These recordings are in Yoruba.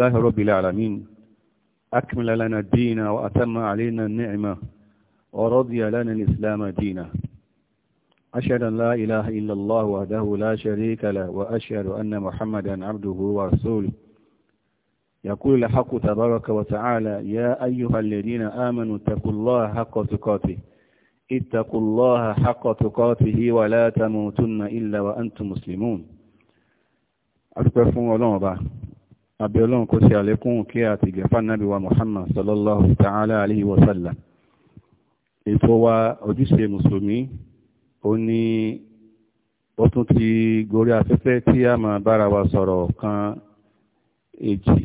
الله رب العالمين أكمل لنا الدين وأتم علينا النعمة ورضي لنا الإسلام دينا أشهد أن لا إله إلا الله وحده لا شريك له وأشهد أن محمدا عبده ورسوله يقول الحق تبارك وتعالى يا أيها الذين آمنوا اتقوا الله حق تقاته اتقوا الله حق تقاته ولا تموتن إلا وأنتم مسلمون أتقفوا الله àbí ọlọ́run kó ṣe àlékún kí àti ìgbẹ̀fà náàbí wa Muhammad sallallahu ta'ala alayhi wa sallam ètò wa ojúṣe mùsùlùmí ó ní ó tún ti gorí afẹ́fẹ́ tí a máa bára wa sọ̀rọ̀ kan èjì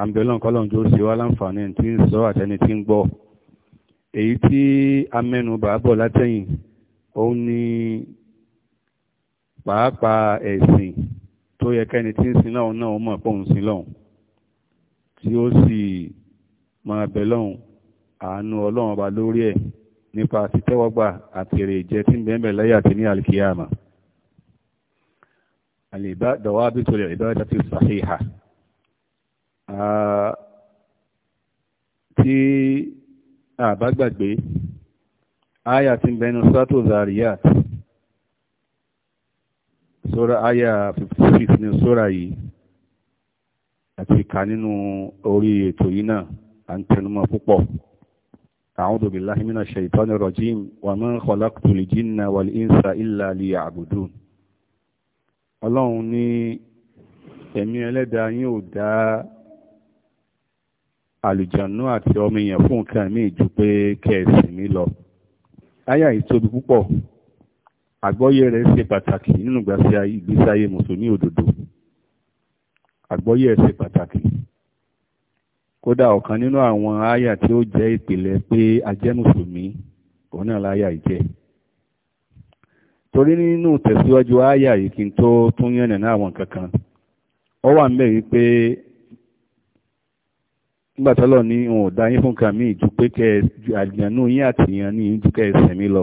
àbí ọlọ́run kọ́lọ́run tó ṣe láǹfààní tí ń sọ àtẹni tí ń gbọ́ èyí tí a mẹ́nu bàábọ̀ látẹ̀yìn ó ní pàápàá ẹ̀sìn tó yẹ kẹ́ni tí ń sin lọ́hùn náà ó mọ̀ pé òun sin lọ́hùn tí ó sì máa bẹ lọ́hùn àánú ọlọ́run ọba lórí ẹ̀ nípa títẹ́wọ́gbà àti èrè ìjẹ tí ń bẹ̀ẹ́bẹ̀ lẹ́yà tí ní alkiyama àlèbádọ̀wà bí tó lè ìbáradà tí sàhíhà tí àbágbàgbé áyà tí ń bẹnu sátò zariyat sóra àyà 56 ní sóra yìí àti ìka nínú orí ètò yìí náà à ń tẹnumọ́ púpọ̀ a'udhu billahi minash shaitani rajim wa ma khalaqtul jinna wal insa illa liya'budun ọlọ́run ní ẹ̀mí ẹlẹ́dàá yín ò dá àlùjànnú àti ọmọ èèyàn fún nǹkan míì ju pé kẹ́ẹ̀sìn mi lọ. àyà yìí tóbi púpọ̀ àgbọ́yé rẹ̀ ṣe pàtàkì nínú ìgbésí ayé mùsùlùmí òdodo àgbọ́yé ẹ̀ ṣe pàtàkì kódà ọ̀kan nínú àwọn àyà tí ó jẹ́ ìpìlẹ̀ pé a jẹ́ mùsùlùmí òun náà láyà ìjẹ́ torí nínú tẹ̀síwájú àyà yìí kí n tó tún yànnà náà àwọn kankan ó wà ńbẹ̀ wípé nígbàtọ́lọ̀ ní òun ò dá yín fún kàmí ìjú àjànú yín àtìyàn ní ìjú kẹ mi lọ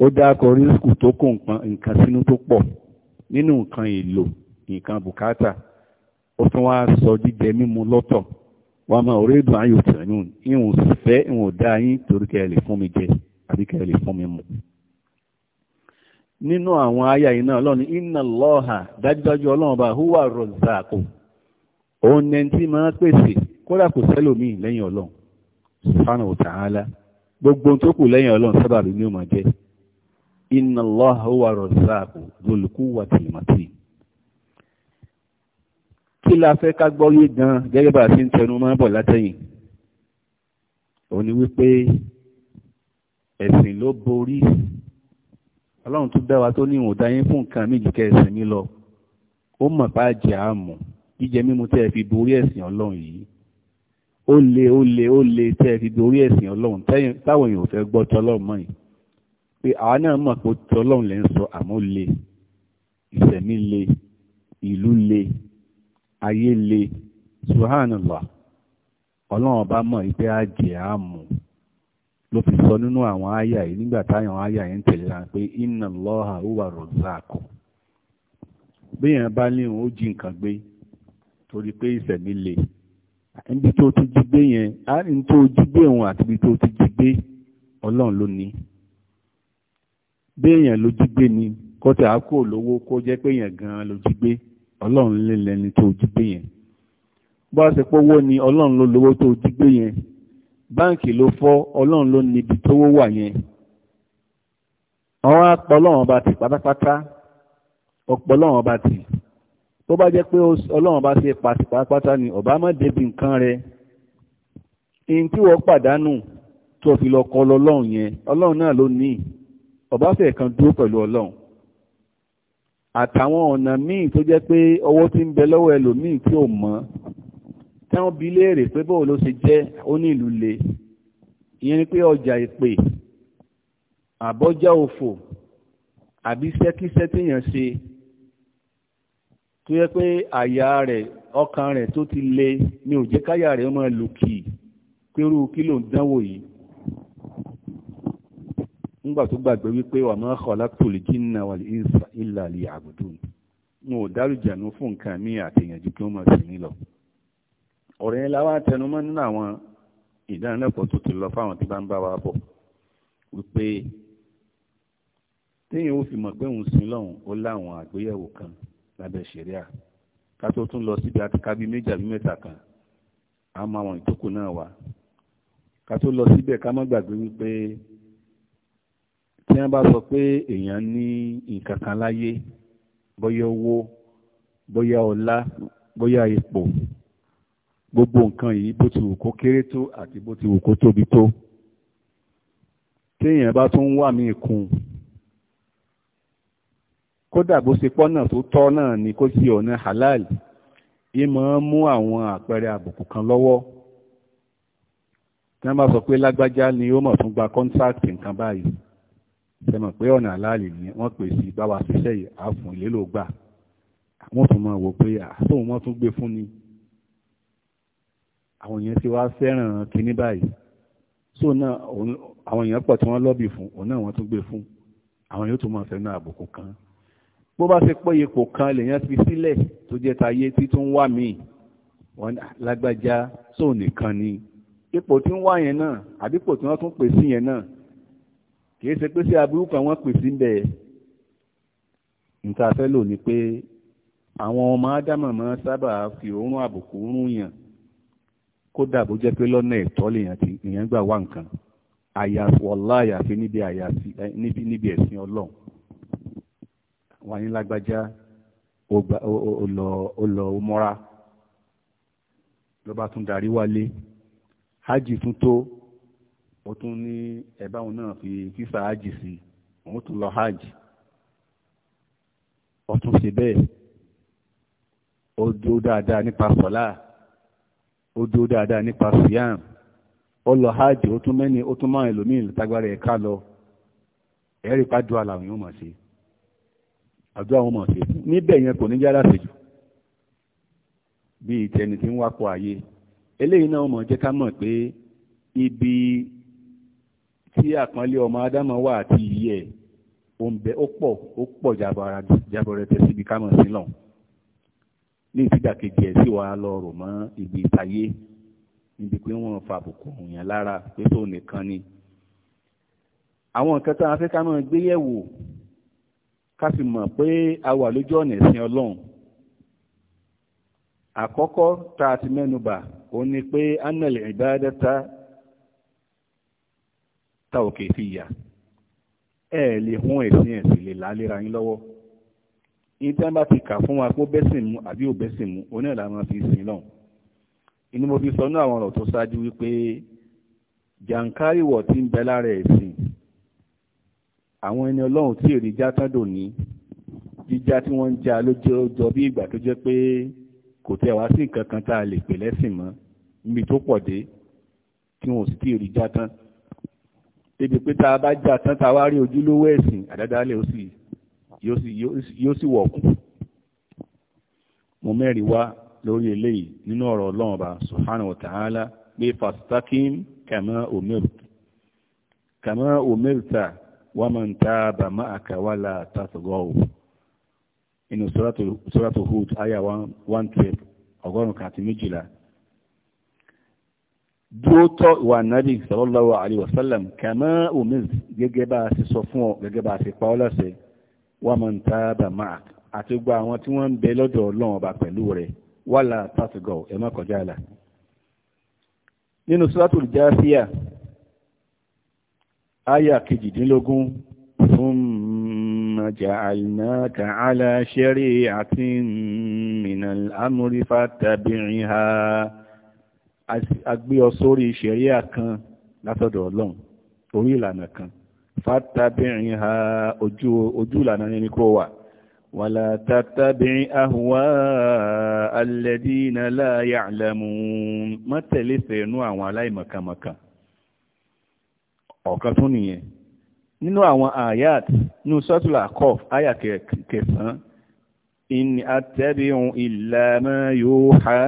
ó dákọ rísíkù tó kó nǹkan sínú tó pọ̀ nínú nǹkan èlò nǹkan bùkátà ó tún wá sọ jíjẹ mímu lọ́tọ̀ wọ́n máa orí ayò tẹ̀nú ìwọ̀n fẹ́ ìwọ̀n dá torí kẹ́ ẹ lè fún mi jẹ àbí kẹ́ ẹ lè fún mi mu. nínú àwọn àyà yìí náà iná lọ́ọ̀hà dájúdájú ọlọ́run bá húwà rọ̀zàkù máa pèsè kódà lẹ́yìn ọlọ́run inna Allaha huwa razzaq dhul quwwatil matin kí la fẹ́ ká gbọ́ yé gan gẹ́gẹ́ bá a ti ń tẹnu máa bọ̀ látẹ̀yìn òun ni wípé ẹ̀sìn ló borí ọlọ́run tó dá wa tó ní ìwọ̀n dáyé fún nǹkan mí jù kẹsìn mi lọ ó mọ̀ bá jẹ́ àmọ̀ jíjẹ mímu tẹ́ fi borí ẹ̀sìn ọlọ́run yìí ó le ó le ó le tẹ́ fi borí ẹ̀sìn ọlọ́run táwọn èèyàn fẹ́ gbọ́ tọ́lọ́run mọ́ yìí pé àwa náà mọ̀ pé tọ́lọ́run lè ń sọ àmọ́ le ìṣẹ̀mí le ìlú le ayé le subhanallah ọlọ́run ọba mọ̀ ló fi sọ nínú àwọn àyà yìí nígbà táwọn àyà yìí ń tẹ̀lé ra pé béèyàn bá ó jí nǹkan gbé torí pé ìṣẹ̀mí le ibi tó ti jí gbé yẹn á ní ti jí gbé béèyàn ló jí ni kó tẹ̀ á kò lówó kó jẹ́ pé èèyàn gan-an ló jí gbé ọlọ́run lè lẹni tó jí gbé yẹn bó a ṣe pówó ni ọlọ́run ló lówó tó jí gbé yẹn báǹkì ló fọ́ ọlọ́run ló níbi tówó wà yẹn àwọn apọ̀ ọlọ́run ọba tì pátápátá ọ̀pọ̀ ọlọ́run ọba tì tó bá jẹ́ pé ọlọ́run ọba ṣe pàtì pátápátá ni ọba má débi nǹkan rẹ̀ ìyìn tí wọ́n pàdánù tó fi lọ kọ́ lọ́lọ́run yẹn ọlọ́run náà ló ní í ọ̀báfẹ́ kan dúró pẹ̀lú ọlọ́run àtàwọn ọ̀nà míì tó jẹ́ pé ọwọ́ tí ń bẹ lọ́wọ́ ẹlòmíì tí ò mọ̀ táwọn bí léèrè pé bóò ló ṣe jẹ́ ó ní ìlú le ìyẹn ni pé ọjà ìpè àbọ́jà òfò àbí sẹ́kísẹ́ téèyàn ṣe tó yẹ pé àyà rẹ̀ ọkàn rẹ̀ tó ti le ni òjẹ́káyà rẹ̀ ọmọ lòkì pérú kí ló ń dánwò yìí ńgbà tó gbàgbé wípé wà máa khalaqtu l-jinna wal-insa illa liya'budun n ò dárújànú fún nǹkan mi àtẹ̀yànjú kí wọ́n máa sì mí lọ. ọ̀rọ̀ yẹn la wá tẹnumọ́ nínú àwọn ìdánilẹ́kọ̀ọ́ tó ti lọ fáwọn tí bá ń bá wa bọ̀ wípé téèyàn ó fi mọ̀ pé òun sin lọ́hùn ó láwọn àgbéyẹ̀wò kan lábẹ́ ṣẹ̀ríà ká tó tún lọ síbi àtikábí méjì àbí mẹ́ta kan á máa wọn ìtókù náà wá ká tó lọ síbẹ̀ ká má gbàgbé wípé tí wọ́n bá sọ pé èèyàn ní nǹkan kan láyé bóyá owó bóyá ọlá bóyá ipò gbogbo nǹkan yìí bó ti wù kó kéré tó àti bó ti wù kó tóbi tó téèyàn bá tún wà míì kún kódà bó ṣe pọ́nà tó tọ́ náà ni kó sí ọ̀nà halal yìí máa ń mú àwọn àpẹẹrẹ àbùkù kan lọ́wọ́ tí wọ́n bá sọ pé lágbájá ni ó mọ̀ tún gba kọ́ńtáàtì nǹkan báyìí sẹ́mọ̀ pé ọ̀nà aláàlì ni wọ́n pè sí báwa ṣiṣẹ́ yìí àfún ìlélò gbà wọ́n tún máa wò pé àtòun wọ́n tún gbé fún ni àwọn èèyàn ti wá fẹ́ràn kinní báyìí so náà àwọn èèyàn pọ̀ tí wọ́n lọ́bì fún òun náà wọ́n tún gbé fún àwọn yóò tún máa fẹ́ náà àbùkù kan bó bá ṣe pé ipò kan lèèyàn fi sílẹ̀ tó jẹ́ tayé tí tún wà míì wọ́n lágbájá sóò nìkan ni ipò tí ń wá yẹn náà àbípò tí wọ́n tún pè sí yẹn náà kìí ṣe pé sí aburú kan wọ́n pè sí ń bẹ̀ níta fẹ́ lò ní pé àwọn ọmọ ádámà máa sábà fi òórùn àbùkù rún yàn kódà bó jẹ́ pé lọ́nà ẹ̀tọ́ lèèyàn ti èèyàn gbà wá nǹkan àyàfi ọ̀la àyàfi níbi àyàfi níbi níbi ẹ̀sìn ọlọ́run wà ní lágbájá ó lọ mọ́ra ló bá tún darí wálé hajj tún tó ó tún ní ẹ̀báwọn náà fi fífa hajj sí òun tún lọ hajj ó tún ṣe bẹ́ẹ̀ ó dúró dáadáa nípa sọ́lá ó dúró dáadáa nípa siam ó lọ hajj ó tún mẹ́ni ó tún máa ẹlòmíì tágbára ẹ̀ ká lọ ẹ̀rí pàdúrà làwọn mọ̀ sí àdúrà níbẹ̀ yẹn kò ní yára sí jù ayé eléyìí náà mọ̀ jẹ́ mọ̀ pé ibi tí àpọ́nlé ọmọ ádámọ̀ wà àti ìyẹ́ ẹ̀ ó ń bẹ ó pọ̀ ó pọ̀ jaborẹtẹ síbi ká mọ̀ sí lọ ní ìtìdàkejì ẹ̀ sì wà á lọ rò mọ́ ibi ìtayé níbi pé wọ́n fa àbùkù òyìn lára pé tó nìkan ni àwọn nǹkan tá a fẹ́ ká máa gbé yẹ̀wò ká sì mọ̀ pé a wà lójú ọ̀nà ẹ̀sìn ọlọ́run àkọ́kọ́ tá a ti mẹ́nubà ó ní pé annal ibadata ta òkè fi yà ẹ lè hún ẹ̀sìn ẹ̀sìn lè láléra yín lọ́wọ́ yín tí wọ́n bá ti kà fún wa pé ó bẹ́sìn mu àbí ò bẹ́sìn mu oní ìlànà ti sìn lọ́hùn inú mo fi sọ ní àwọn ọ̀rọ̀ tó ṣáájú wípé jàǹkáríwọ̀ tí ń bẹ lára ẹ̀sìn àwọn ẹni ọlọ́run tí èrè já tán dò ní jíjá tí wọ́n ń já lójó bí ìgbà tó jẹ́ pé kò tẹ́ wá sí nǹkan kan tá a lè pè lẹ́sìn mọ́ níbi tó pọ̀ dé tí wọ́n sì tí èrè já tán débi pé tá a bá jà tán tá a wá rí ojúlówó ẹ̀sìn àdádálẹ̀ ó sì yóò sì wọ̀kùn mo mẹ́rin wá lórí eléyìí nínú ọ̀rọ̀ ọlọ́run ọba subhanahu wa ta'ala pé fastakim kama umirta kama umirta wa man taba ma'aka wala tasghaw inú suratu Hud aya 112 ọgọ́rùn-ún kàti méjìlá dúró tọ́ ìwà nàbì sallallahu alayhi wa sallam kàmá omiz gẹ́gẹ́ bá a ṣe sọ fún ọ gẹ́gẹ́ bá a ṣe pa ọ́ lọ́sẹ̀ wa man taba ma'ak àti gba àwọn tí wọ́n ń bẹ lọ́dọ̀ ọlọ́run pẹ̀lú rẹ̀ wala tàṣìgọ̀ ẹ̀ kọjá àlà. nínú suratul Jathiyah aya kejìdínlógún thumma ja'alnaka ala shari'atin minal amri fattabi'iha agbé ọ sórí ṣẹ̀ríà kan látọ̀dọ̀ ọlọ́run orí ìlànà kan fàtàbìrin ha ojú ojú ìlànà ní kó wà wàlá tàtàbìrin ahùwá alẹ́dínà láàyè àlẹ́mú mọ́tẹ̀lẹ́fẹ̀ inú àwọn aláìmọ̀kàmọ̀kà ọ̀kan tún nìyẹn nínú àwọn ayat ní sọ́tùlà kọf ayà kẹsàn-án inni attabi'u illa ma yuha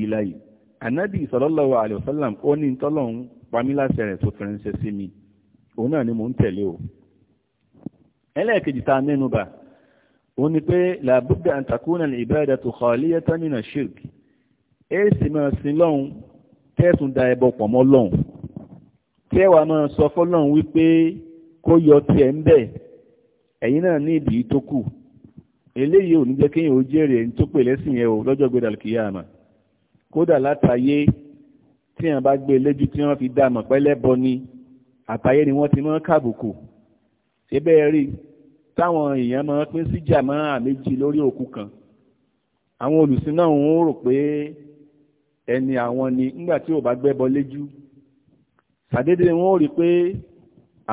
ilayya ànábì sallallahu alaihi wasallam ó ní tọ́lọ́hún pamíláṣẹ rẹ̀ tó fẹ́ràn ṣe sí mi òun náà ni mò ń tẹ̀lé o ẹlẹ́ẹ̀kejì tá a mẹ́nu bà ó ní pé làbúdà an takuna al-ibadatu khaliyatan min ash-shirk èsì máa sin si tẹ́sùn da ẹbọ pọ̀ mọ́ lọ́hún tẹ́wàá máa sọ fọ́lọ́hún wípé kó yọ tiẹ̀ ń bẹ̀ ẹ̀yin náà ní ìdí tó kù eléyìí ò ní jẹ́ kéèyàn ó jèrè ẹni tó pè lẹ́sìn yẹn o lọ́jọ́ gbẹdàlùkìyà àmà kódà látàyé tí wọ́n bá gbé e lójú tí wọ́n fi dá mọ̀ pẹ́lẹ́bọ ni àtàyé ni wọ́n ti mọ́ kàbùkù ṣé bẹ́ẹ̀ rí táwọn èèyàn máa pín sí jàmọ́ àméjì lórí òkú kan àwọn olùsìn náà ń rò pé ẹni àwọn ni nígbà tí ò bá gbẹ́bọ lójú ṣàdédé wọn ò rí pé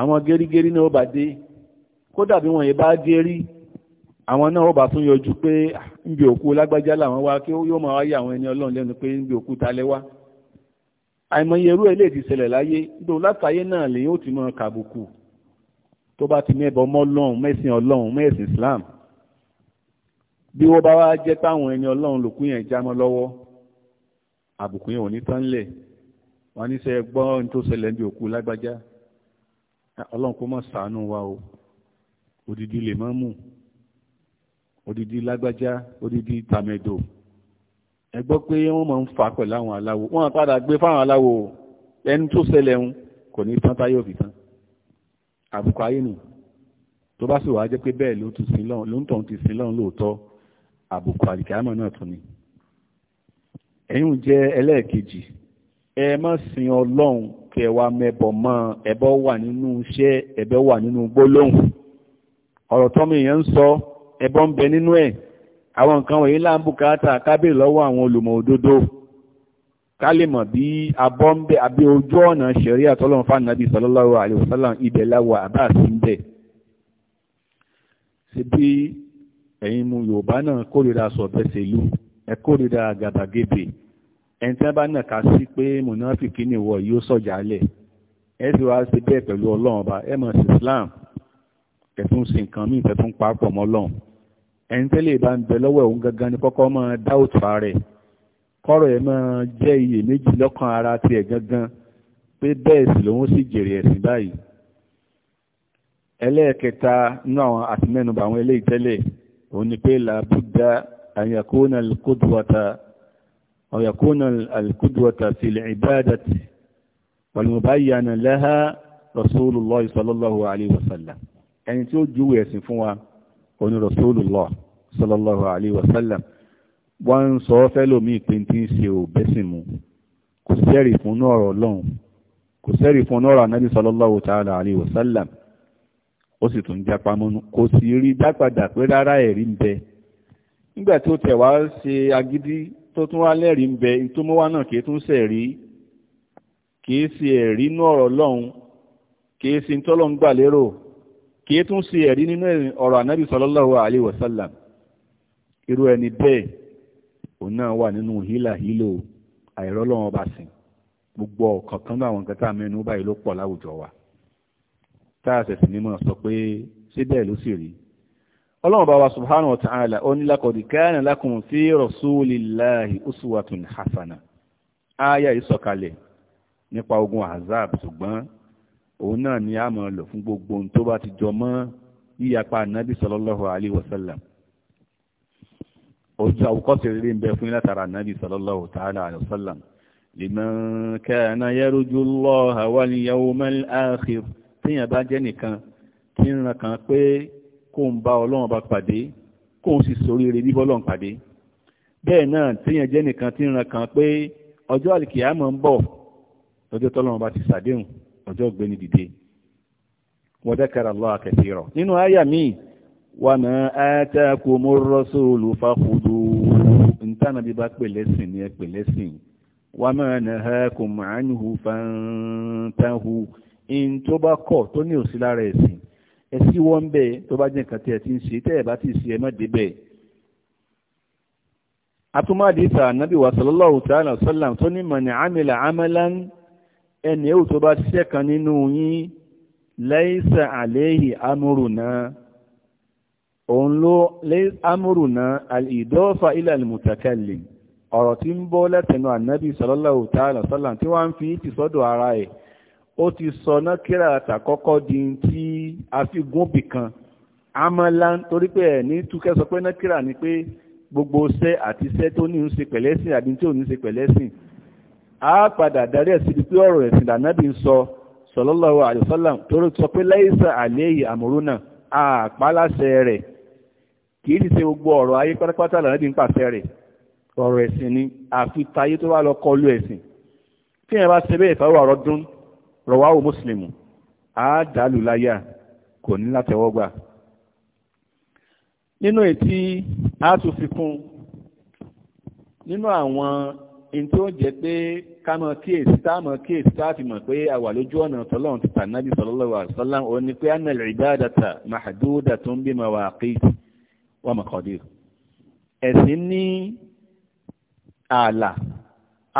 àwọn gẹ́rígẹ́rí náà ó bá dé kódà bí wọn yìí bá gẹ́rí àwọn náà ó bá tún yọjú pé níbi òkú lágbájá làwọn wá kí yóò máa wáyé àwọn ẹni ọlọ́run lẹ́nu pé níbi òkú talẹ́ wá àìmọye irú ẹ̀ lè ti ṣẹlẹ̀ láyé nítorí látàyé náà lèyìn ó ti mọ kàbùkù tó bá ti mẹ́bọ mọ́ ọlọ́run mẹ́sìn ọlọ́run mẹ́sìn Islam bí wọ́n bá wá jẹ́ táwọn ẹni ọlọ́run lòkú yẹn já mọ́ lọ́wọ́ àbùkù yẹn ò ní tán lẹ̀ wọ́n ní sẹ́ gbọ́ odidi lágbájá odidi tàmẹ̀dò ẹ gbọ́ pé wọ́n máa ń fà pẹ̀lú àwọn aláwo wọ́n á padà gbé fáwọn aláwo ẹni tó ṣẹlẹ̀ ń kò ní tán táyé òbí tán àbùkù ayé nì tó bá sì wàá jẹ́ pé bẹ́ẹ̀ ló ń tàn ti sin lọ́run lóòótọ́ àbùkù àlìkàmọ̀ náà tún ni ẹ̀yìn jẹ́ ẹlẹ́ẹ̀kejì ẹ má sin ọlọ́run kẹwa mẹ́bọ̀ mọ́ ẹbọ wà nínú iṣẹ́ ẹbọ wà nínú gbólóhùn ọ̀rọ̀ tọ́mọ èèyàn ń sọ ẹbọ ń bẹ nínú ẹ̀ àwọn nǹkan wọ̀nyí là ń bùkátà kábèrè lọ́wọ́ àwọn olùmọ̀ òdodo ká lè mọ̀ bí abọ́ ń bẹ àbí ojú ọ̀nà ṣẹ̀rí àtọ́lọ́run fánàbí sallallahu alaihi wasallam ibẹ̀ láwọ̀ àbá sí ń bẹ̀. ṣe bí ẹ̀yin mu yorùbá náà kórìíra sọ̀bẹ́sẹ̀lú ẹ kórìíra àgàbàgebè ẹni tí wọ́n bá nà ká sí pé mùnáfìkì ni ìwọ yóò sọ̀jà ẹ sì wá sí bẹ́ẹ̀ pẹ̀lú ọlọ́run ọba ẹ mọ̀ sí islam ẹ tún sí nǹkan míì fẹ́ tún pa pọ̀ mọ́ ọlọ́run ẹni tẹ́lẹ̀ bá ń bẹ lọ́wọ́ òun gangan ni kọ́kọ́ máa dá òtún ààrẹ kọ́rọ̀ ẹ̀ máa jẹ́ iyèméjì lọ́kàn ara tiẹ̀ gangan pé bẹ́ẹ̀ sì lòun sì jèrè ẹ̀sìn báyìí ẹlẹ́ẹ̀kẹta nínú àwọn àtìmẹ́nubà àwọn eléyìí tẹ́lẹ̀ òun ni pé làbúdà àyàkóónà alkudwata àyàkóónà alkudwata sí ilẹ̀ lẹ́hà rasulullah sallallahu alayhi wa sallam ẹni tí ó júwe ẹ̀sìn fún wa onu rasulullah sallallahu alayhi wa sallam wọ́n ń sọ fẹ́lòmíì pé tí ń ṣe òbẹ́sìn mu kò sẹ́rì fún ọ̀rọ̀ ọlọ́run kò sẹ́rì fún ọ̀rọ̀ anábì sallallahu ta'ala alayhi wa ó sì tún jápa mọ́nú kò sì rí dápadà pé rárá ẹ̀rí ń bẹ nígbà tó tẹ̀ wá ṣe tó tún wá lẹ́rìí ń bẹ náà kì kìí tún ṣe ẹ̀rí nínú ọ̀rọ̀ ànábì sallallahu alaihi wasallam irú ẹni bẹ́ẹ̀ òun náà wà nínú hílà hílò àìrọ́lọ́wọ́n bá sìn gbogbo ọ̀kọ̀ọ̀kan náà àwọn nǹkan tá a mẹ́nu báyìí ló pọ̀ láwùjọ wa tá a ṣẹ̀ṣẹ̀ ní mọ̀ sọ pé ṣé bẹ́ẹ̀ ló sì rí ọlọ́run bá wa subhanahu wa ta'ala ó ní laqad kana lakum fi rasulillahi uswatun hasana ááyà ìsọ̀kalẹ̀ nípa ogun azab ṣùgbọ́n òun náà ni a máa lò fún gbogbo ohun tó bá ti jọ mọ́ yíyapa ànábì sallallahu alaihi wasallam ojú àwòkọ́sẹ̀ rere ń bẹ fún látara ànábì sallallahu ta'ala alaihi wasallam liman kana yarju Allaha wal yawmal akhir téèyàn bá jẹ́ nìkan tí ń rankan pé kó ń bá ọlọ́run bá pàdé kó ń sì soríire bíbọ́ ọlọ́run pàdé bẹ́ẹ̀ náà téèyàn jẹ́ nìkan tí ń rankan pé ọjọ́ àlìkìyàmọ̀ ń bọ̀ lọ́jọ́ tọ́lọ́run bá ti ṣàdéhùn ọjọ́ ògbéni dìde wa nínú àyà míì wa ma atakumur rasulu fakhudhu ntànàbí bá ní ẹ pè lẹ́sìn wa ma nahakum anhu in tó bá kọ̀ tó ní òsì lára ẹ̀sìn ẹ̀sìn wọ́n bẹ́ẹ̀ tó bá jẹ́ ẹ ti ń ṣe ẹ bá ti ṣe ẹ má dé bẹ́ẹ̀ tó ní ẹni èwù tó bá ṣiṣẹ́ kan nínú yín lẹ́yìnsà àléhì amúrùnà òun ló amúrùnà àìdọ́fà ilẹ̀ alìmùtàkẹ́lì ọ̀rọ̀ tí ń bọ́ lẹ́tẹ̀nu ànábì sallallahu ta'ala sallam tí wọ́n fi ti sọ́dọ̀ ara ẹ̀ ó ti sọ nákírà àtàkọ́kọ́ di sọ gbogbo iṣẹ́ àti iṣẹ́ tó ní ń ṣe pẹ̀lẹ́sìn àbí ò ní pẹ̀lẹ́sìn a padà darí ẹ̀ síbi pé ọ̀rọ̀ ẹ̀sìn lànàbí ń sọ sallallahu alaihi wasallam torí sọ pé láìsà àléyìí àmúrúnà àpáláṣẹ rẹ̀ kìí ti ṣe gbogbo ọ̀rọ̀ ayé pátápátá lànàbí ń pàṣẹ rẹ̀ ọ̀rọ̀ ẹ̀sìn ni àfi tayé tó wá lọ kọlu ẹ̀sìn tí yẹn bá ṣe bẹ́ẹ̀ fáwọn ọ̀rọ̀ dún rọwáwò mùsùlùmù àádàlù láyà kò ní látẹ̀wọ́gbà nínú ètí a tún fi kún nínú àwọn in tí ó jẹ́ pé ká mọ̀ kíyèsí tá mọ̀ kíyèsí tá fi mọ̀ pé àwà lójú ọ̀nà tọ́lọ́run ti tànàbí sallallahu alaihi wasallam ó ní pé anna al-ibadata mahdudatun bi mawaqit wa maqadir ẹ̀sìn ní ààlà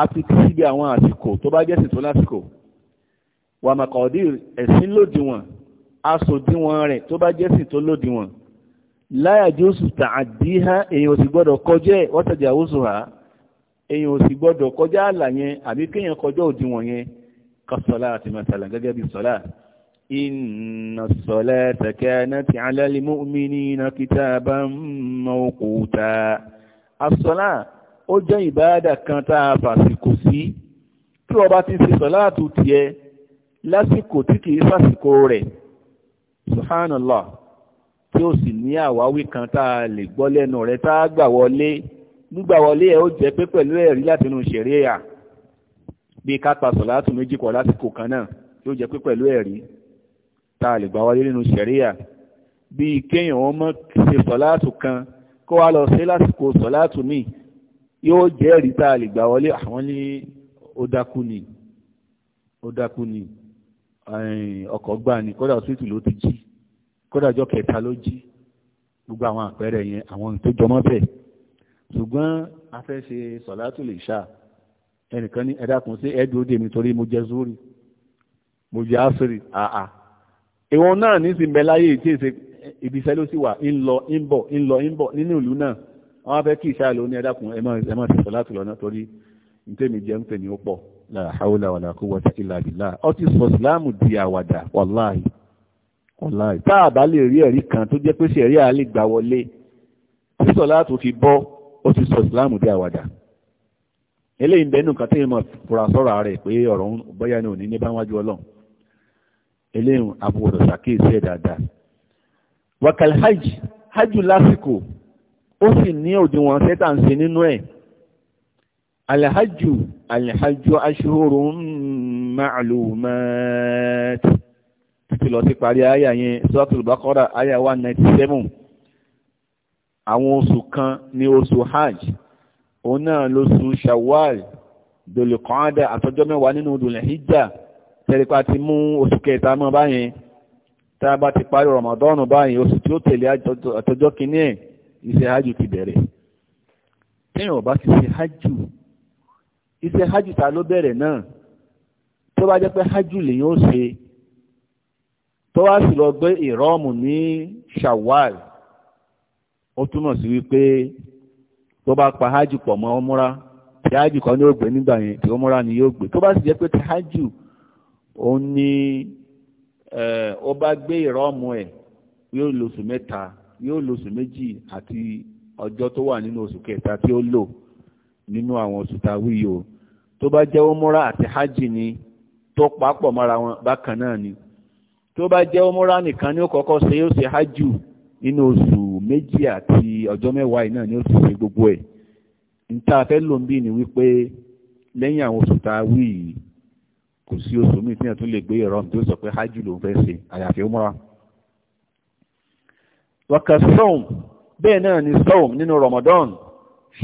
a fi kí síbi àwọn àsìkò tó bá jẹ́sìn tó lásìkò wa maqadir ẹ̀sìn lòdìwọ̀n a sòdìwọ̀n rẹ̀ tó bá jẹ́sìn tó lòdìwọ̀n la yajuzu ta'addiha èèyàn ò èèyàn ò sì gbọ́dọ̀ kọjá àlà yẹn àbí kéèyàn kọjá òdiwọ̀n yẹn ká sọlá àti màtàlá gẹ́gẹ́ bí sọlá inna salata kanat ala al-mu'minina kitaban mawquta as-sala ó jẹ́ ìbáàdà kan tá a fàsìkò sí tí wọ́n ti ṣe sọlá àtúntìẹ lásìkò tí kìí fàsìkò rẹ̀ subhanallah tí ó sì ní àwáwí kan tá a lè gbọ́ lẹ́nu rẹ̀ tá a gbà wọlé gbígbà wọlé ẹ̀ ó jẹ́ pé pẹ̀lú ẹ̀rí látinú ṣẹ̀ríà bí kápá sọ̀látù méjì kọ̀ lásìkò kan náà yóò jẹ́ pé pẹ̀lú ẹ̀rí tá a lè gbà wọlé nínú ṣẹ̀ríà bí kéèyàn wọn mọ́ ṣe sọ̀látù kan kó wá lọ sí lásìkò sọ̀látù míì yóò jẹ́ ẹ̀rí tá lè gbà wọlé àwọn ah, ní ó dákú ni ó dákú ni ọkọ̀ gbà ni kódà ọ̀sìtì ló ti jí kódà ọjọ́ kẹta ló jí gbogbo àwọn àpẹẹrẹ yẹn àwọn tó jọmọ́ bẹ́ẹ̀ ṣùgbọ́n a fẹ́ ṣe sọ̀látù lè ṣá ẹnìkan ní ẹ̀dàkùn sí ẹ̀dùn òde mi torí mo jẹ zúrì mo jẹ áfírì àà ìwọ̀n náà ní ìsìn bẹ́láyé tí èsè ibiṣẹ́ ló sì wà ń lọ ń bọ̀ ń lọ ń bọ̀ nínú ìlú náà wọ́n fẹ́ kí ìṣá ló ní ẹ̀dàkùn ẹ̀ máa ṣe sọ̀látù lọ́nà torí ntẹ́mi jẹ́ ń pè ó pọ̀ la hawla wala quwwata illa billah ọtí sọ̀sìláàmù di àwàdà wàláì wàláì tá a bá lè rí ẹ̀rí kan tó jẹ́ pé ṣẹ̀rí àá lè gbà wọlé sísọ láti fi bọ́ ó ti sọ ìsìláàmù dé àwàdà eléyìí bẹ́ẹ̀ nìkan tẹ́yìn mọ̀ fura sọ́ra rẹ̀ pé ọ̀rọ̀ bọ́yá ni òní ní bá wájú ọlọ́run eléyìí àbúrò ṣàkíyèsí ẹ̀ dáadáa wakal hajj hajj lásìkò ó sì ní òdiwọ̀n sẹ́tà ń ṣe nínú ẹ̀ alhajju alhajju ashhurun ma'lumat títí lọ sí parí àyà yẹn suratul baqara àyà one ninety seven àwọn oṣù kan ní oṣù hajj òun náà lóṣù shawwal dolokanda àtọjọ́ mẹ́wàá nínú hijja, tẹ̀rípa ti mú oṣù kẹta mọ́ báyẹn tá a bá ti parí ramadan báyìí oṣù tí ó tẹ̀lé àtọjọ́ kìíní ẹ̀ iṣẹ́ hajj ti bẹ̀rẹ̀ téèyàn bá ti ṣe hajj iṣẹ́ hajj ta ló bẹ̀rẹ̀ náà tó bá jẹ́ pé hajj lèyàn ó ṣe tó wá sì lọ gbé ìrọ́ọ̀mù ní shawwal ó túmọ̀ sí wípé tó bá pa hajj pọ̀ mọ́ ọmúra tí hajj kan ní yóò gbé nígbà yẹn tí ọmúra ni yóò gbé tó bá sì jẹ́ pé ti hajj o ni ó bá gbé ìrọ́mù ẹ̀ yóò lóṣù mẹ́ta yóò lóṣù méjì àti ọjọ́ tó wà nínú oṣù kẹta tí ó lò nínú àwọn oṣù tá a o tó bá jẹ́ ọmúra àti hajj ni tó papọ̀ mọ́ra wọn bákan náà ni tó bá jẹ́ ọmúra nìkan ni ó kọ́kọ́ ṣe méjì àti ọjọ́ mẹ́wàá yìí náà ni ó sì ṣe gbogbo ẹ̀ níta fẹ́ lò ń bí ni wípé lẹ́yìn àwọn oṣù tá a wí yìí kò sí oṣù míì tíyẹn tún lè gbé ìrọ̀rùn tó sọ pé hajj ló ń fẹ́ ṣe àyàfi ó múra. wákà sọ́ọ̀m bẹ́ẹ̀ náà ni sọ́ọ̀m nínú Ramadan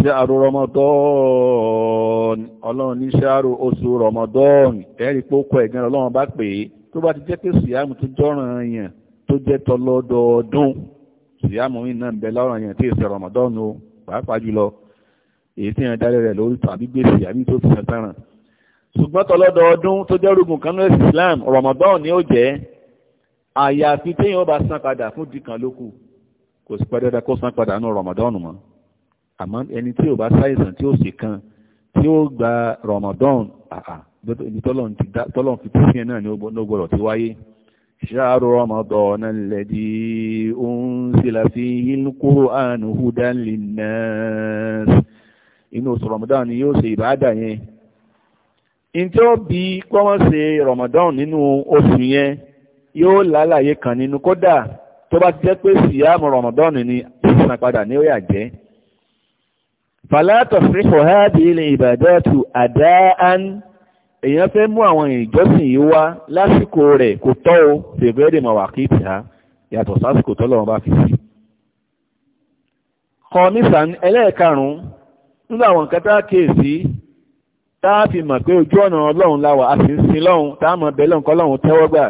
ṣáàrù Ramadan ọlọ́run ní ṣáàrù oṣù Ramadan ẹ̀rí pókó ẹ̀gán ọlọ́run bá pè é tó bá ti jẹ́ pé síyàmù tó jọ́ràn yẹn tó jẹ́ tọlọ́dọọdún síyáàmù yìí náà ń bẹ lọ́rọ̀ yẹn tí èsì rọmọdọ́nù o pàápàá jùlọ èyí tí yẹn dálé rẹ̀ lórí tàbí gbèsè àbí tó ti yẹn tẹ̀ràn ṣùgbọ́n tọlọ́dọọdún tó jẹ́ rúgùn kanú ẹ̀sìn Islam rọmọdọ́n ni ó jẹ́ àyàfi téèyàn bá san padà fún dìkan lókù kò sí padà kó san padà nù rọmọdọ́n mọ́ àmọ́ ẹni tí ò bá ṣàìsàn tí ó sì kan tí ó gba rọmọdọ́n àà ibi tọ́lọ́n fi tó sí ẹ náà ni ó gbọ́dọ̀ ti wáyé. شهر رمضان الذي أنزل فيه القرآن هدى للناس inú oṣù Ramadan ni yóò ṣe ìbáàdà yẹn in tí ó bí pọ́wọ́n ṣe Ramadan nínú oṣù yẹn yóò lálàyé kan nínú kódà tó bá ti jẹ́ pé síyáàmù Ramadan ni ìsìn àpadà ní ó yà jẹ́ fàlátọ̀ fífọ̀ hábìlì ìbàdàtù àdáán èèyàn fẹ́ mú àwọn ìjọsìn yìí wá lásìkò rẹ̀ kò tọ́ o fèbẹ́rẹ́ màwà kí tì á yàtọ̀ sásìkò tọ́lọ́run bá fi sí. kọ́nísàn ẹlẹ́ẹ̀karùn-ún nínú àwọn nǹkan tá a kíyèsí tá a fi mọ̀ pé ojú ọ̀nà ọlọ́run láwà a sì ń sin lọ́run tá a mọ̀ bẹ́ẹ̀ lọ́run kọ́ lọ́run tẹ́wọ́ gbà.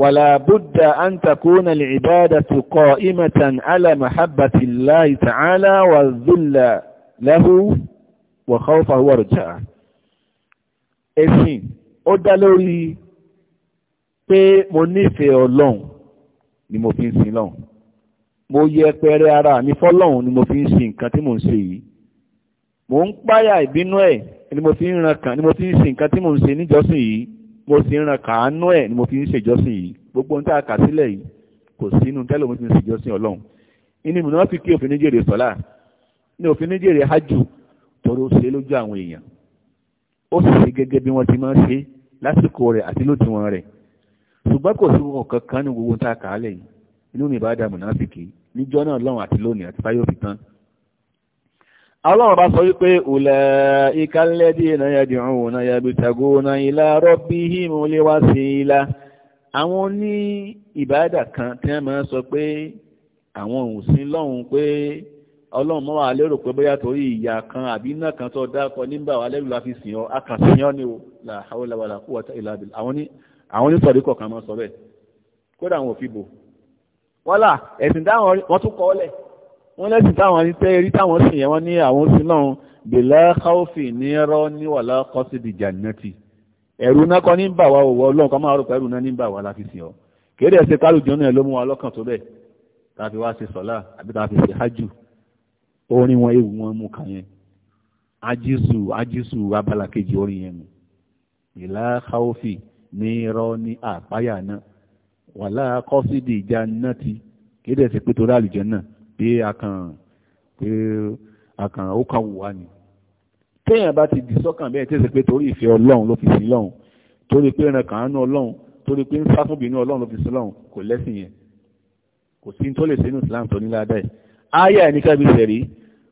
wàlà búdà an takuna ìbáàdà tó kọ imatan ala mahabbati ta'ala wa zulla lahu wa khawfa wa rujaa ẹ̀sìn ó dá lórí pé mo nífẹ̀ẹ́ ọlọ́run ni mo fi ń sin lọ́run mo yẹ pẹrẹ ara mi fọ́lọ́run ni mo fi ń sin nǹkan tí mò ń ṣe yìí mo ń páyà ìbínú ẹ̀ ni mo fi ń ran kàn ni mo fi ń sin nǹkan tí mò ń ṣe níjọ́sìn yìí mo sì ń ran kàánú ẹ̀ ni mo fi ń ṣèjọ́sìn yìí gbogbo ohun tá a kà sílẹ̀ yìí kò sínú tẹ́lẹ̀ mo fi ń ṣèjọ́sìn ọlọ́run inú mi ni wọ́n fi kí òfin níjèrè sọ́lá ní òfin níjèrè hajj torí ó ṣe lójú àwọn èèyàn ó sì ṣe gẹ́gẹ́ bí wọ́n ti máa ń ṣe lásìkò rẹ̀ àti lódiwọ̀n rẹ̀ ṣùgbọ́n kò sí kankan ní gbogbo tá a kà yìí inú mi bá dàmú náà sì níjọ́ náà lọ́run àti lónìí àti fi tán. Ọlọ́run bá sọ wípé òlẹ̀ ikálẹ́dì náà yẹ dìrún òun náà yẹ bí tàgó náà ilá hímù sí Àwọn ní kan tí sọ pé àwọn òsín lọ́hùn pé ọlọ́run mọ́ wa lérò pé bóyá torí ìyà kan àbí iná kan tó dákọ nígbà wa lẹ́rù láfi sìn ọ́ akànsìn ọ́ ni o la hawla wala quwwata illa billah àwọn ní àwọn onísọ̀rí kọ̀ọ̀kan máa sọ bẹ́ẹ̀ kódà àwọn òfin bò wọ́là ẹ̀sìn táwọn wọ́n tún kọ́ ọ́lẹ̀ wọ́n lẹ́sìn táwọn ní tẹ́ẹ̀rí táwọn sì yẹn wọ́n ní àwọn sí náà bèlá káwọ́fì ní ẹ̀rọ ní wàlá kọ́sìdì jannati ẹ̀rù náà kọ́ ní bà wá ẹ̀rù náà ní orin wọn ewu wọn mú kàn yẹn ajísù ajísù abala kejì orin yẹn mu ìlà káwọ́fì ní irọ́ ní àpáyà náà wàlá kọ́sídì ìjà náà ti kéde ẹ̀sìn pé torí àlùjẹ́ náà pé akàn pé akàn ó kàn wù wá ni téèyàn bá ti dì sọ́kàn bẹ́ẹ̀ tẹ́sẹ̀ pé torí ìfẹ́ ọlọ́run ló fi sí lọ́hùn torí pé ẹran kàánú ọlọ́run torí pé ń sá fún bínú ọlọ́run ló fi sí lọ́hùn kò lẹ́sìn yẹn kò sí tó lè ṣe inú Islam tó ní ládàá ẹ̀ áyà ẹ̀ ní kábíyèsí rí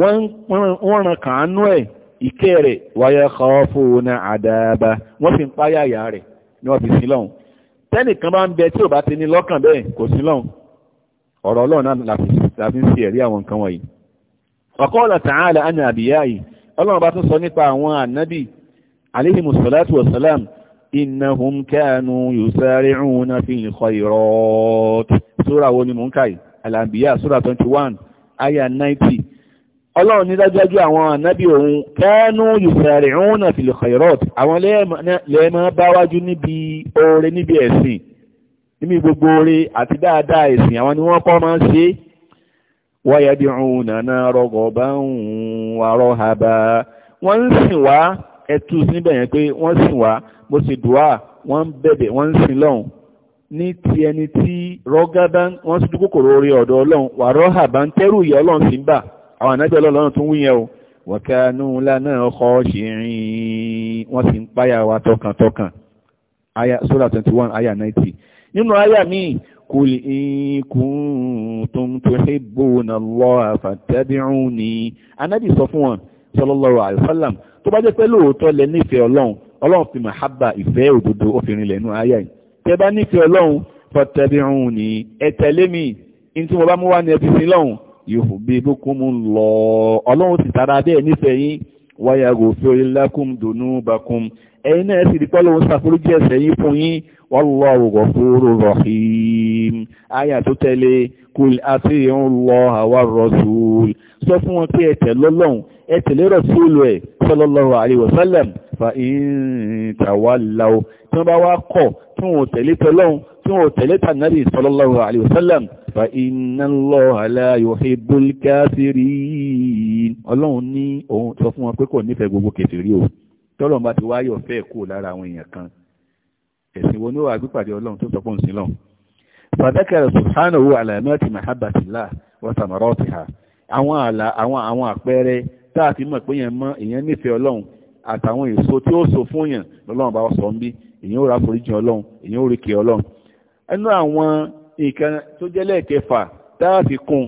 wọ́n ràn kàánú ẹ̀ ìkẹ́ rẹ̀ wáyé khafuna àdáàbá wọ́n fi ń páyà ìyá rẹ̀ ni wọ́n fi sí lọ́hùn tẹ́nìkan bá ń bẹ tí ò bá ti ní lọ́kàn bẹ́ẹ̀ kò sí lọ́hùn ọ̀rọ̀ ọlọ́run náà fi ń fi ẹ̀rí àwọn nǹkan wọ̀nyí ọ̀kọ́ọ̀lọ̀ ta'ala àni àbíyá yìí ọlọ́run bá tún sọ nípa àwọn ànábì alayhimu salatu wasalam innahum kanu yusari'una fil khayrat sura wo ọlọ́run ní dájúdájú àwọn ànábì òun kánú yusari'una fil khairat àwọn lẹ́ẹ̀mọ́ báwájú níbi oore níbi ẹ̀sìn níbi gbogbo oore àti dáadáa ẹ̀sìn àwọn ni wọ́n kọ́ máa ń ṣe wa yad'unana raghaban wa rahaba wọ́n ń sìn wá ẹtù síbẹ̀ yẹn pé wọ́n sìn wá mo sì dùá wọ́n ń bẹ̀bẹ̀ wọ́n ń sìn lọ́hùn ní ti ẹni tí rọ́gábá wọ́n sì dúkòkòrò orí ọ̀dọ̀ ọlọ́run wà rọ́hàbá ń tẹ́rù ìyá ọlọ́run sí ń bà àwọn ànájọ́ ọlọ́run tún wíyẹn o wọ̀kánú lánà ọkọ̀ ṣìírín wọ́n sì ń páyà wa tọkàntọkàn aya sura 21 aya 90 nínú aya míì kul in kuntum tuhibbuna Allaha fattabi'uni anábì sọ fún wọn sallallahu alaihi wasallam tó bá jẹ́ pé lóòótọ́ lẹ nífẹ̀ẹ́ ọlọ́run ọlọ́run fi mahabba ìfẹ́ òdodo obìnrin lẹ́nu aya yìí tẹ́ bá nífẹ̀ẹ́ ọlọ́run fattabi'uni ẹ tẹ̀lé mi tí mo bá mú wá ní ẹbí sí lọ́hùn yuhbibkumullah ọlọ́run ti tara bẹ́ẹ̀ nífẹ̀ẹ́ yín wa yaghfir lakum dunubakum ẹ̀yin náà sì rí pọ́lọ́run ṣàforíjì ẹ̀ṣẹ̀ yín fún yín wallahu ghafurur rahim àyà tó tẹ̀lé kul ati'ullaha war rasul sọ fún wọn pé ẹ فإن الله لا يحب الكافرين ọlọ́run ní òun sọ fún wọn pé kò nífẹ̀ẹ́ gbogbo kèfèrí o tọ́lọ̀ bá ti wáyọ̀ fẹ́ kú lára àwọn èèyàn kan ẹ̀sìn wo ni ó wà gbípàdé ọlọ́run tó sọ fún sí lọ́n fàtẹ́kẹ̀rẹ̀ subhanahu alamẹ́tì mahabbatillah wa samaratiha àwọn àlà àwọn àwọn àpẹẹrẹ tá a fi mọ̀ pé yẹn mọ́ èèyàn nífẹ̀ẹ́ ọlọ́run àtàwọn èso tí ó so fún yàn lọ́lọ́run bá sọ ń bí èèyàn ó ra foríjì ọlọ́run èèyàn ó rí kí ọlọ́run ẹnu àwọn nǹkan tó jẹ́ lẹ́ẹ̀kẹfà táàfi kún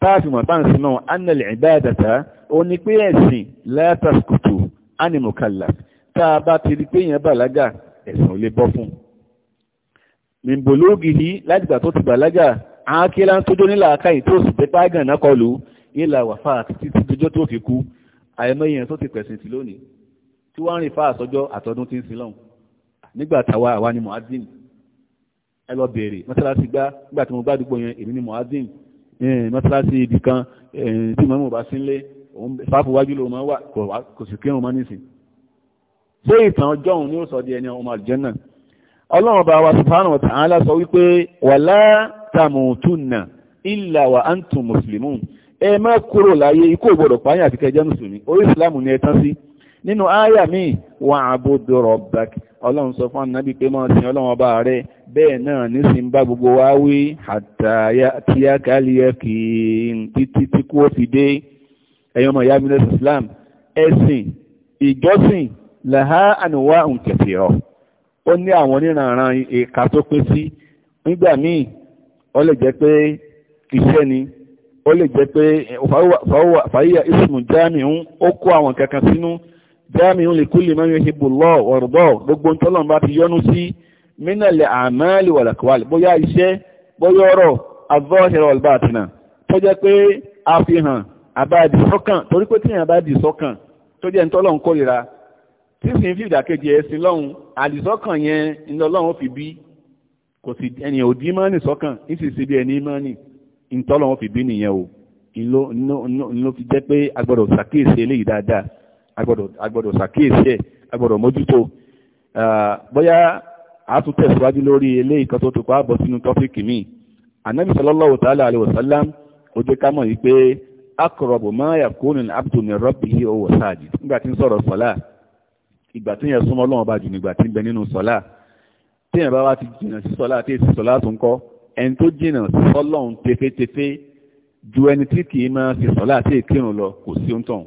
táàfi mọ̀ táǹsì náà annal ìbáàdàtà ó ní pé ẹ̀sìn látàkùtù ánìmọ̀kàlà tá a bá ti rí pé èèyàn bàlágà ẹ̀sìn ò lè bọ́ fún mìbòlógì yìí látìgbà tó ti bàlágà àákílá tó jó nílà akáyì tó sì tẹ́pá gànà kọlù ìlà ni muhazzin ẹ lọ bèèrè mọ́sálásí gbá nígbà tí mo bá dúgbò yẹn èmi ni mohazin mọ́sálásí ibì kan tí mo bá sínlé òun sáfù wájú ló máa wà kò sì kírun máa nísìn ṣé ìtàn ọjọ́ òun ni ó sọ di ẹni ọmọ àlùjànnà ọlọ́run bá wa subhanahu wa ta'ala sọ wípé wàlá tàmùtùnà ìlà wà antum muslimun ẹ má kúrò láyé ikú ògbọ́dọ̀ pààyàn àti kẹjẹ́ mùsùlùmí orí ìsìlámù ni ẹ tán sí nínú ááyà míì wà àbúdó rabbak ọlọ́run sọ fún ànábì pé máa sin ọlọ́run ọba rẹ̀ bẹ́ẹ̀ náà nísìn bá gbogbo wa wí àtàyàkálíyà kì í títí tí kú ó fi dé ẹ̀yọ́ ọmọ ìyá mílẹ̀ Islam ẹ̀sìn ìjọsìn làhá àníwá nkẹ̀fẹ̀ọ́ ó ní àwọn oníranran ìka tó pé sí nígbà míì ó lè jẹ́ pé iṣẹ́ ni ó lè jẹ́ pé fàáyà ismu jamiu ó kó àwọn kankan sínú jamiu lè kú lè máa yọ ìhìbò lọ ọ̀rọ̀dọ̀ gbogbo ń tọ́lọ̀ bá ti yọnu sí mínàlẹ̀ àmàlì wàlàkùwàlì bóyá iṣẹ́ bóyá ọ̀rọ̀ avọ́ṣẹ̀rọ̀ ọ̀lbàtìnà tó jẹ́ pé àfihàn àbáàdì sọ́kàn torí pé tíyàn bá dì sọ́kàn tó jẹ́ ntọ́lọ́n kórìíra tí sì ń fi ìdàkejì ẹ̀sìn lọ́hùn àdìsọ́kàn yẹn ńlọ́lọ́hùn fi bí kò sì ẹni òdì mọ́nì sọ́kàn ní sì sí bí ẹni mọ́nì ńtọ́lọ́hùn fi bí nìyẹn o ńlọ fi jẹ́ pé agbọ́dọ̀ ṣàkíyèsí eléyìí dáadáa agbọ́dọ̀ ṣàkíyèsí ẹ̀ agbọ́dọ̀ mójútó bóyá a tún tẹ̀síwájú lórí eléyìí kan tó tó pa àbọ̀ sínú tọ́pìkì míì anabi sallallahu ta'ala alayhi wa sallam ó jẹ́ ká mọ̀ yìí pé akọrọ̀bù máa yà kúrò ní abdu min rabbihi wa huwa sajid nígbà tí ń sọ̀rọ̀ sọ̀lá ìgbà tí yẹn súnmọ́ lọ́wọ́ bá jù nígbà tí ń bẹ nínú sọ̀lá tí yẹn bá wá ti jìnà sí sọ̀lá àti èsì sọ̀lá tó ń kọ́ ẹni tó jìnà sí sọ́lọ́hún tefetefe ju ẹni tí kì í máa ṣe sọ̀lá àti ìkírun lọ kò sí ohun tán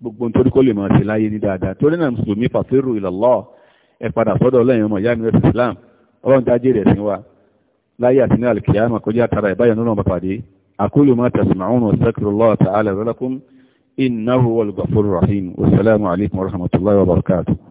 gbogbo nítorí kó lè máa ṣe láyé ní dáadáa torí náà mùsùlùmí fàfẹ́rù ilallah ẹ padà sọ́dọ̀ ọlọ́yìn ọmọ ìyá nínú islam ọlọ́run tá jèrè ẹ̀sìn wa láyé àti ní alkiyama kó jẹ́ àtàrà ìbáyọ̀ nínú ọmọ pàdé aqulu ma tasma'un wa astaghfirullah ta'ala wa lakum innahu huwal rahim wassalamu alaykum wa rahmatullahi wa barakatuh